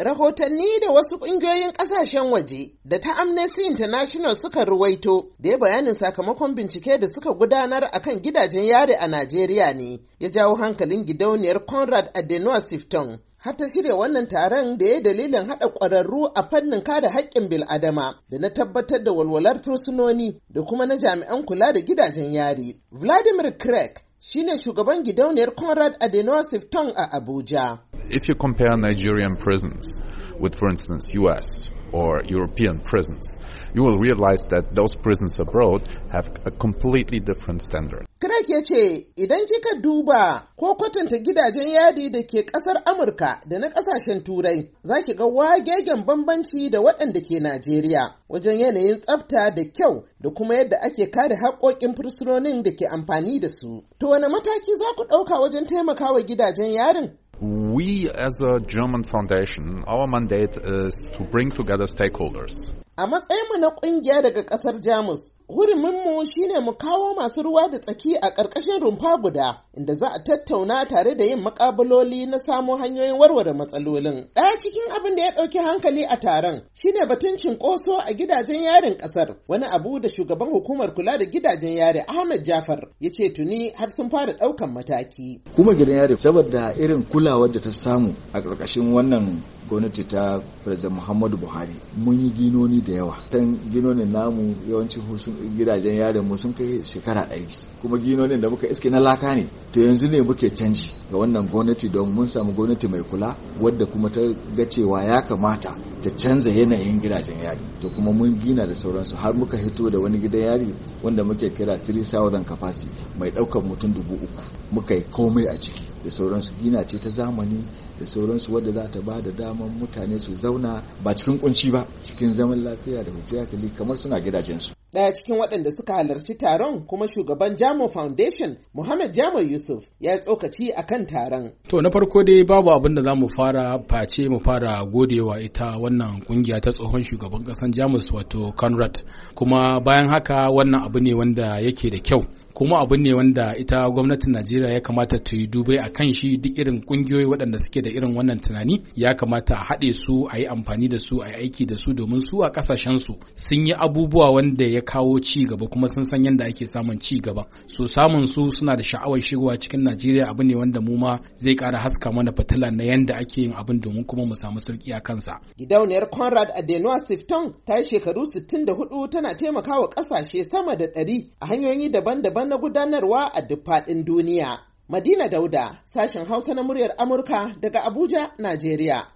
Rahotanni da wasu ƙungiyoyin ƙasashen waje da ta Amnesty International suka ruwaito da ya bayanin sakamakon bincike da suka gudanar a kan gidajen yare a Najeriya ne ya jawo hankalin gidauniyar Conrad Adenoa Sifton. Har ta shirya wannan taron da ya dalilin haɗa ƙwararru a fannin kada haƙƙin bil'adama da na tabbatar da walwalar fursunoni da kuma na jami'an kula da gidajen yari. Vladimir Craig shine shugaban gidauniyar Conrad Adenoa Sifton a Abuja. if you compare Nigerian prisons with, for instance, U.S. or European prisons, you will realize that those prisons abroad have a completely different standard. Craig ya ce idan kika duba ko kwatanta gidajen yadi da ke kasar Amurka da na kasashen Turai za ki ga wagegen bambanci da waɗanda ke Najeriya wajen yanayin tsafta da kyau da kuma yadda ake kare haƙoƙin fursunonin da ke amfani da su. To wane mataki za ku ɗauka wajen taimakawa gidajen yarin? We, as a German foundation, our mandate is to bring together stakeholders. A matsayinmu na kungiya daga kasar Jamus, Huruminmu shine mu kawo masu ruwa da tsaki a ƙarƙashin rumfa guda, inda za a tattauna tare da yin makabaloli na samo hanyoyin warware matsalolin. Ɗaya cikin abin da ya ɗauki hankali a taron shine batun cinkoso a gidajen yarin ƙasar, wani abu da shugaban hukumar kula da gidajen yari Ahmed Jafar ya ce tuni har sun fara ɗaukan mataki. Hukumar gidan yari saboda irin kulawar da ta samu a ƙarƙashin wannan gwamnati ta president muhammadu buhari mun yi ginoni da yawa tan ginonin namu yawancin gidajen yaren mu sun kai shekara ɗari kuma ginonin da muka iske na laka ne to yanzu ne muke canji ga wannan gwamnati don mun samu gwamnati mai kula wadda kuma ta ga cewa ya kamata ta canza yanayin gidajen yari to kuma mun gina da sauransu har muka hito da wani gidan yari wanda muke kira 3000 capacity mai daukar mutum dubu uku muka yi komai a ciki da sauransu gina ce ta zamani da sauransu wadda za ta ba da daman mutane su zauna ba cikin kunci ba cikin zaman lafiya da kwanciyar hankali kamar suna gidajensu Daya cikin waɗanda suka halarci taron kuma shugaban Jamo Foundation Muhammad Jamo Yusuf ya yi tsokaci a kan taron. To na farko dai babu abin da za mu fara face mu fara godewa ita wannan kungiya ta tsohon shugaban ƙasan Jamus wato Conrad. Kuma bayan haka wannan abu ne wanda yake da kyau. kuma abu ne wanda ita gwamnatin najeriya ya kamata ta yi dubai a kan shi duk irin kungiyoyi waɗanda suke da irin wannan tunani ya kamata a haɗe su a yi amfani da su a yi aiki da su domin su a ƙasashensu sun yi abubuwa wanda ya kawo ci gaba kuma sun san yadda ake samun ci gaba su samun su suna da sha'awar shigowa cikin najeriya abu ne wanda mu ma zai ƙara haska mana fitila na yadda ake yin abin domin kuma mu samu sauƙi a kansa gidauniyar conrad adenoa sifton ta yi shekaru 64 tana taimakawa ƙasashe sama da 100 a hanyoyi daban-daban na gudanarwa a duk faɗin duniya. Madina Dauda, sashen Hausa na muryar Amurka daga Abuja, Najeriya.